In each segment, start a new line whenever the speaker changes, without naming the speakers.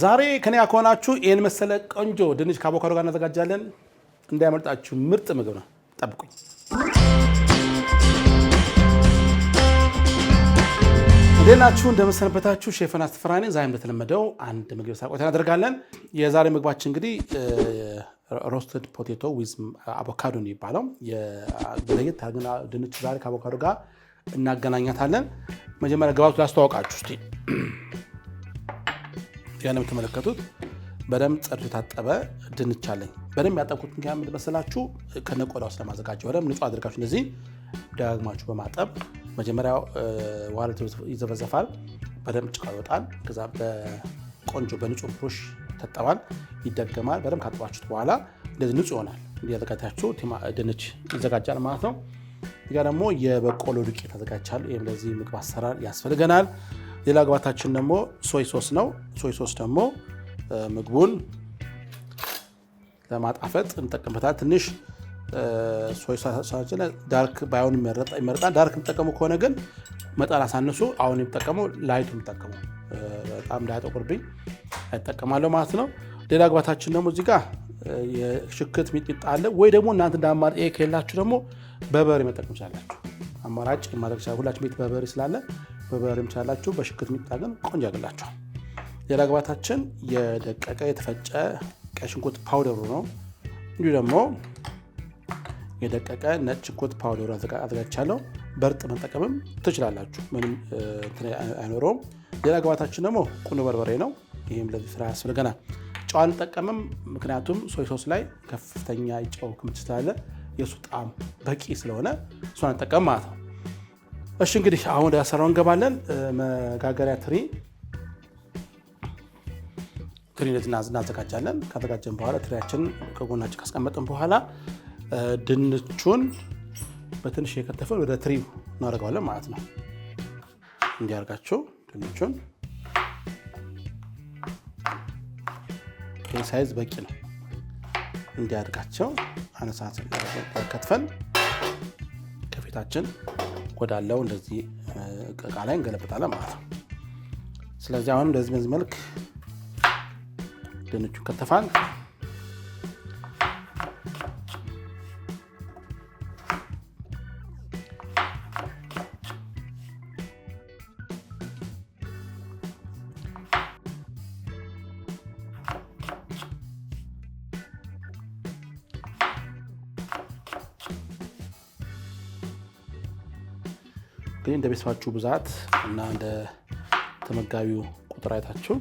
ዛሬ ከኔ ከሆናችሁ ይህን መሰለ ቆንጆ ድንች ከአቮካዶ ጋር እናዘጋጃለን። እንዳያመልጣችሁ ምርጥ ምግብ ነው። ጠብቁኝ። ሌላችሁ እንደመሰነበታችሁ ሼፈን አስተፈራኒ። ዛሬ እንደተለመደው አንድ ምግብ ሳቆት እናደርጋለን። የዛሬ ምግባችን እንግዲህ ሮስትድ ፖቴቶ ዊዝ አቮካዶ ነው የሚባለው። ለየት አድርገን ድንች ዛሬ ከአቮካዶ ጋር እናገናኛታለን። መጀመሪያ ግብአቱ ላስተዋወቃችሁ። ያን የምትመለከቱት በደንብ ጸድቶ የታጠበ ድንች አለኝ። በደንብ ያጠብኩት ምክንያት የምትመስላችሁ ከነቆዳው ስለማዘጋጀው በደንብ ንጹህ አድርጋችሁ እንደዚህ ደጋግማችሁ በማጠብ መጀመሪያ ውሃ ይዘበዘፋል፣ በደንብ ጭቃ ይወጣል። ከዛ በቆንጆ በንጹህ ብሩሽ ይታጠባል፣ ይደገማል። በደንብ ካጠባችሁት በኋላ እንደዚህ ንጹህ ይሆናል። እንዲያዘጋጃችሁ ድንች ይዘጋጃል ማለት ነው። ጋ ደግሞ የበቆሎ ዱቄት አዘጋጅቻለሁ። ይህም ለዚህ ምግብ አሰራር ያስፈልገናል። ሌላ ግባታችን ደግሞ ሶይ ሶስ ነው። ሶይ ሶስ ደግሞ ምግቡን ለማጣፈጥ እንጠቀምበታል። ትንሽ ሶይ ሶሳችን ዳርክ ባይሆን ይመረጣል። ዳርክ የምጠቀሙ ከሆነ ግን መጠን አሳንሱ። አሁን የምጠቀመው ላይቱ የሚጠቀሙ በጣም እንዳያጠቁርብኝ አይጠቀማለሁ ማለት ነው። ሌላ ግባታችን ደግሞ እዚህ ጋር የሽክት ሚጥሚጣ አለ ወይ ደግሞ እናንተ እንደ አማራጭ ከሌላችሁ ደግሞ በርበሬ መጠቀም ይችላላችሁ። አማራጭ ማድረግ ሁላችሁ ቤት በርበሬ ስላለ በበርበሬም ቻላችሁ በሽክት ሚጥሚጣ ግን ቆንጆ ያገላችኋል። ሌላ ግብአታችን የደቀቀ የተፈጨ ቀይ ሽንኩርት ፓውደሩ ነው። እንዲሁ ደግሞ የደቀቀ ነጭ ሽንኩርት ፓውደሩ አዘጋጅቻለሁ። በርጥ መጠቀምም ትችላላችሁ፣ ምንም አይኖረውም። ሌላ ግብአታችን ደግሞ ቁንዶ በርበሬ ነው። ይህም ለዚህ ስራ ያስፈልገናል። ጨው አንጠቀምም፣ ምክንያቱም ሶይ ሶስ ላይ ከፍተኛ ጨው ክምችት ስላለ የእሱ ጣዕም በቂ ስለሆነ እሱ አንጠቀም ማለት ነው። እሺ እንግዲህ አሁን ወደ እንገባለን። መጋገሪያ ትሪ ትሪ እናዘጋጃለን። ካዘጋጀን በኋላ ትሪያችን ከጎናችን ካስቀመጥን በኋላ ድንቹን በትንሽ የከተፈን ወደ ትሪው እናደርገዋለን ማለት ነው። እንዲያርጋችሁ ድንቹን ይህ ሳይዝ በቂ ነው። እንዲያድጋቸው አነሳት ከትፈን ከፊታችን ወዳለው እንደዚህ እቃ ላይ እንገለብጣለን ማለት ነው። ስለዚህ አሁንም እንደዚህ በዚህ መልክ ድንቹ ከተፋል። ግን እንደ ቤተሰባችሁ ብዛት እና እንደ ተመጋቢው ቁጥር አይታችሁ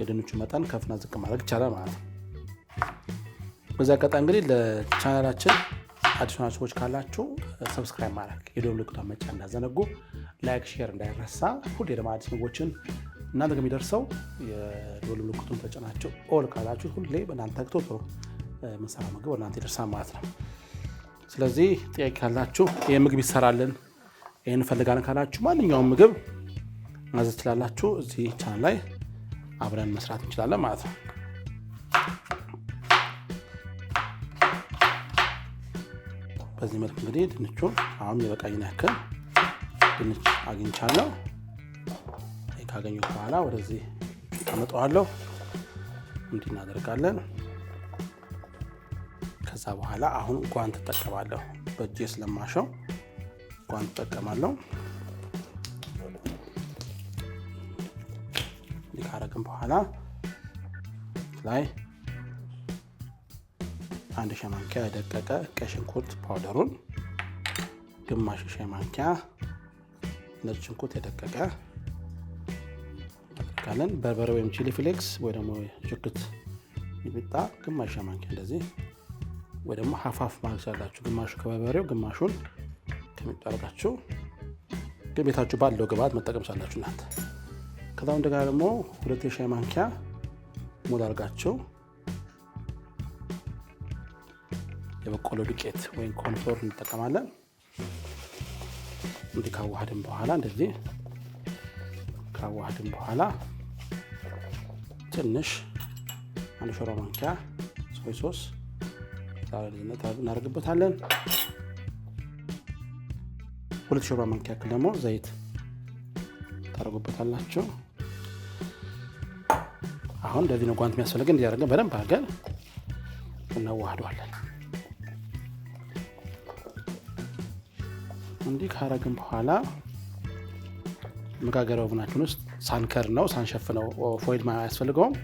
የድንቹ መጠን ከፍና ዝቅ ማድረግ ይቻላል ማለት ነው። በዚህ አጋጣሚ እንግዲህ ለቻናላችን አዲሱና ሰዎች ካላችሁ ሰብስክራይብ ማድረግ የደወል ምልክቱን መጫን እንዳዘነጉ፣ ላይክ፣ ሼር እንዳይረሳ። ሁል ደግሞ አዲስ ምግቦችን እናንተ ከሚደርሰው የደወል ምልክቱን ተጨናቸው ኦል ካላችሁ ሁሌ በእናንተ ግቶ ጥሩ የምንሰራ ምግብ እናንተ ይደርሳል ማለት ነው። ስለዚህ ጥያቄ ካላችሁ ይህ ምግብ ይሰራልን ይህን እንፈልጋለን ካላችሁ ማንኛውም ምግብ ማዘዝ ትችላላችሁ። እዚህ ቻናል ላይ አብረን መስራት እንችላለን ማለት ነው። በዚህ መልክ እንግዲህ ድንቹን አሁን የበቃኝን ያክል ድንች አግኝቻለሁ። ካገኘሁት በኋላ ወደዚህ አመጣዋለሁ። እንዲህ እናደርጋለን። ከዛ በኋላ አሁን ጓንት እጠቀማለሁ በእጄ ስለማሸው ቋን እጠቀማለሁ። ካረግን በኋላ ላይ አንድ ሸማንኪያ ማንኪያ የደቀቀ ቀይ ሽንኩርት ፓውደሩን፣ ግማሽ ሸማንኪያ ነጭ ሽንኩርት የደቀቀ ካለን በርበሬ ወይም ቺሊ ፍሌክስ ወይ ደግሞ ሽክት ሚጥሚጣ ግማሽ ሸማንኪያ እንደዚህ ወይ ደግሞ ሀፋፍ ማለት ያላችሁ ግማሹ ከበርበሬው ግማሹን የምታደርጋችሁ ግን ቤታችሁ ባለው ግብአት መጠቀም ሳላችሁ እናንተ። ከዛ ጋር ደግሞ ሁለት የሻይ ማንኪያ ሙል አድርጋችሁ የበቆሎ ዱቄት ወይም ኮንፎር እንጠቀማለን። እንዲህ ካዋህድን በኋላ እንደዚህ ካዋህድን በኋላ ትንሽ አንድ ሾርባ ማንኪያ ሶይ ሶስ እናደርግበታለን። ሁለት ሾርባ ማንኪያ ያክል ደግሞ ዘይት ታደረጉበታላቸው አሁን እንደዚህ ነው ጓንት የሚያስፈልግ እንዲያደርገ በደንብ አድርገን እናዋህዷለን። እንዲህ ካረግን በኋላ መጋገሪያ ቡናችን ውስጥ ሳንከር ነው ሳንሸፍነው ፎይል ያስፈልገውም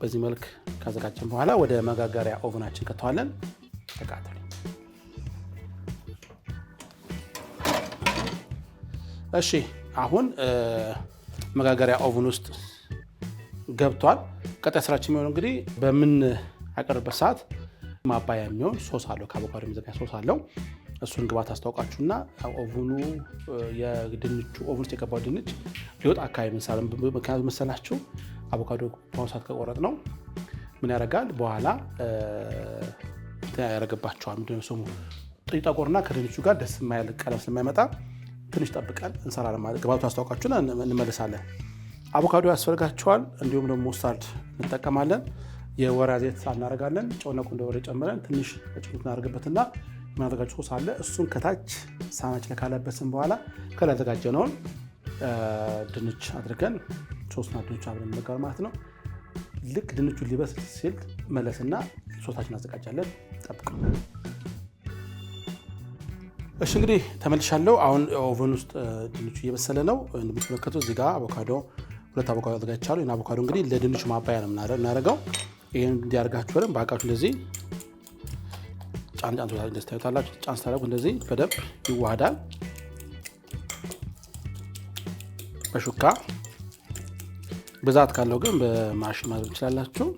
በዚህ መልክ ካዘጋጀን በኋላ ወደ መጋገሪያ ኦቭናችን ከተዋለን ተቃጠሉ እሺ አሁን መጋገሪያ ኦቭን ውስጥ ገብቷል። ቀጣይ ስራችን የሚሆነው እንግዲህ በምን በምናቀርብበት ሰዓት ማባያ የሚሆን ሶስ አለው፣ ከአቮካዶ የሚዘጋጅ ሶስ አለው። እሱን ግባት አስታውቃችሁና ኦቭኑ የድንቹ ኦቭን ውስጥ የገባው ድንች ሊወጥ አካባቢ ምንሳለን። ምክንያቱ መሰላችሁ አቮካዶ በአሁኑ ሰዓት ከቆረጥ ነው ምን ያደርጋል በኋላ ያደረግባቸዋል። ምንድን ነው ስሙ ከድንቹ ጋር ደስ የማይል ቀለም ስለማይመጣ ትንሽ ጠብቀን እንሰራለን ማለት ግባቱ አስታውቃችሁና እንመልሳለን። አቮካዶ ያስፈልጋቸዋል እንዲሁም ደግሞ ስታርድ እንጠቀማለን። የወራ ዜት እናደርጋለን። ጨውና ቁንዶ በርበሬ ጨምረን ትንሽ ጭት እናደርግበትና የምናዘጋጀው ሶስ አለ። እሱን ከታች ሳናች ላይ ካለበስን በኋላ ከላይ ነውን ድንች አድርገን ሶስና ድንች አብረን መጋር ማለት ነው። ልክ ድንቹን ሊበስል ሲል መለስና ሶታችን አዘጋጃለን ጠብቀው እሺ እንግዲህ ተመልሻለሁ። አሁን ኦቨን ውስጥ ድንቹ እየበሰለ ነው እንደምትመለከቱ። እዚህ ጋር አቮካዶ ሁለት አቮካዶ አዘጋጅቻለሁ። ይህን አቮካዶ እንግዲህ ለድንቹ ማባያ ነው የምናደርገው። ይህን እንዲያደርጋችሁ በደንብ በአቃችሁ እንደዚህ ጫን ጫን እንደዚህ ታዩታላችሁ። ጫን ስታደርጉ እንደዚህ በደንብ ይዋሃዳል በሹካ ብዛት ካለው ግን በማሽን ማድረግ ትችላላችሁ።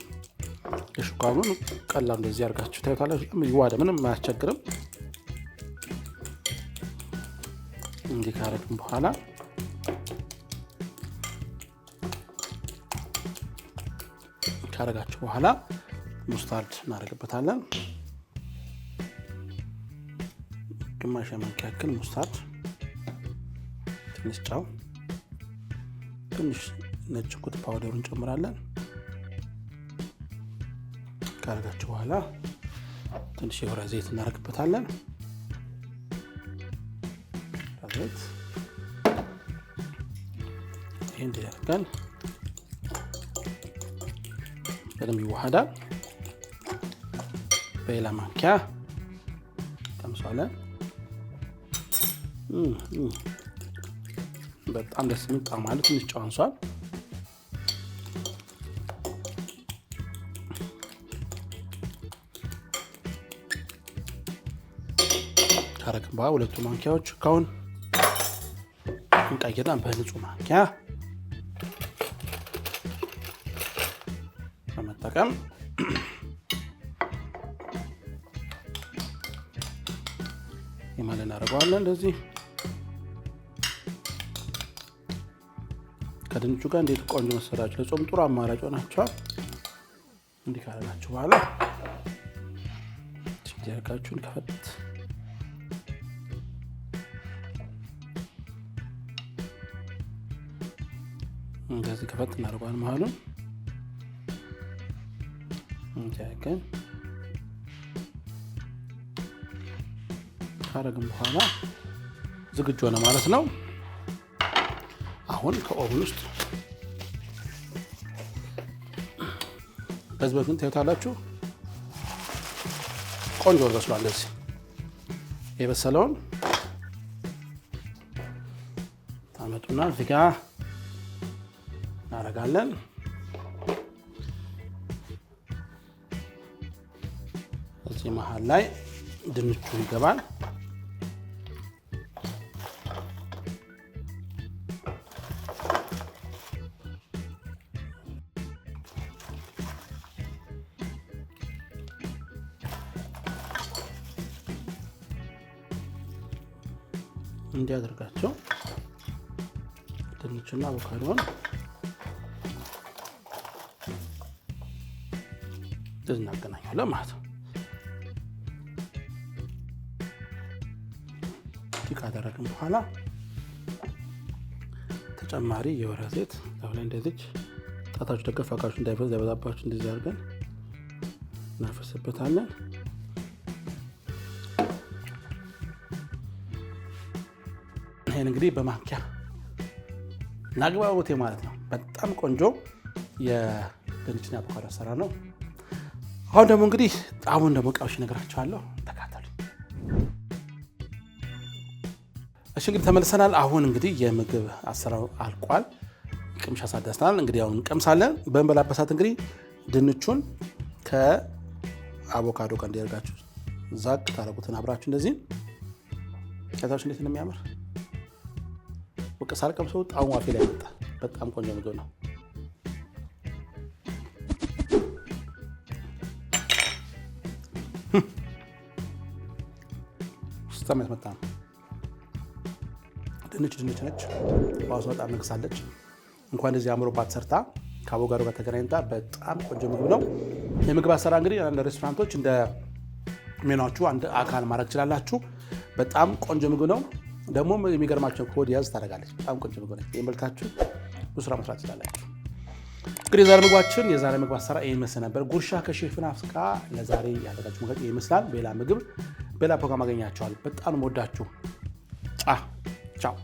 የሹካኑን ቀላሉ እንደዚህ አድርጋችሁ ታዩታላችሁ። ይዋሃዳል፣ ምንም አያስቸግርም። እንዲህ ካረግን በኋላ ካረጋችሁ በኋላ ሙስታርድ እናደርግበታለን። ግማሽ የማንኪያ ያክል ሙስታርድ፣ ትንሽ ጫው፣ ትንሽ ነጭ ሽንኩርት ፓውደሩን እንጨምራለን። ካረጋችሁ በኋላ ትንሽ የወይራ ዘይት እናደርግበታለን። አለበት። ይህን ያደርጋል። በደንብ ይዋሃዳል። በሌላ ማንኪያ ቀምሷለን። በጣም ደስ የሚል ጣም አለ። ትንሽ ጨው አንሷል። ካረክን በኋላ ሁለቱ ማንኪያዎች ካሁን ጌጣጌጣን በንጹ ማንኪያ በመጠቀም ይማል እናደርገዋለን። እንደዚህ ከድንቹ ጋር እንዴት ቆንጆ መሰላችሁ! ለጾም ጥሩ አማራጭ ሆናችኋል። እንዲህ ካለናቸው በኋላ ያርጋችሁን ከፈት እንደዚህ ከፈት እናደርገዋል መሀሉን እንዲያገን ካረግን በኋላ ዝግጁ ሆነ ማለት ነው። አሁን ከኦቭን ውስጥ ከዚህ በፊት ታዩታላችሁ። ቆንጆ በስሏል። እንደዚህ የበሰለውን ታመጡና እዚህ ጋ እናደርጋለን። እዚህ መሀል ላይ ድንቹ ይገባል። እንዲያደርጋቸው ድንቹና አቮካዶን እንደዚህ እናገናኛለን ማለት ነው። ካደረግን በኋላ ተጨማሪ የወይራ ዘይት ዛፍ ላይ እንደዚች ጣታችሁ ደገፍ አጋችሁ እንዳይፈዝ እንዳይበዛባችሁ እንደዚህ አድርገን እናፈስበታለን። ይህን እንግዲህ በማንኪያ ናግባቦቴ ማለት ነው። በጣም ቆንጆ የድንችን አቮካዶ አሰራር ነው። አሁን ደግሞ እንግዲህ ጣሙን ደግሞ ቃዎች ነግራቸዋለሁ ተካተሉ። እሺ እንግዲህ ተመልሰናል። አሁን እንግዲህ የምግብ አሰራሩ አልቋል። ቅምሻ ሳዳስናል። እንግዲህ አሁን እንቀምሳለን። በንበላበሳት እንግዲህ ድንቹን ከአቮካዶ ጋር እንዲያደርጋችሁ ዛቅ ታረጉትን አብራችሁ እንደዚህ ከታች እንዴት ነው የሚያምር! ውቅ ሳልቀምሰው ጣሙ አፌ ላይ መጣ። በጣም ቆንጆ ምግብ ነው። ውስጣም ያስመጣ ነው። ድንች ድንች ነች። በአሱ በጣም ነግሳለች። እንኳን እንደዚህ አምሮባት ሰርታ ከአቮጋዶ ጋር ተገናኝታ በጣም ቆንጆ ምግብ ነው። የምግብ አሰራ እንግዲህ አንዳንድ ሬስቶራንቶች እንደ ሜኗችሁ አንድ አካል ማድረግ ትችላላችሁ። በጣም ቆንጆ ምግብ ነው። ደግሞ የሚገርማቸው ከወድ ያዝ ታደርጋለች። በጣም ቆንጆ ምግብ ነች። የበልታችሁ ብዙ ስራ መስራት ትችላላችሁ። እንግዲህ የዛሬ ምግባችን የዛሬ ምግብ አሰራር ይህ ይመስል ነበር። ጉርሻ ከሼፍ ናፍቃ ለዛሬ ያዘጋጅ ምግብ ይመስላል። ሌላ ምግብ በሌላ ፕሮግራም አገኛቸዋል። በጣም ወዳችሁ ጫ ቻው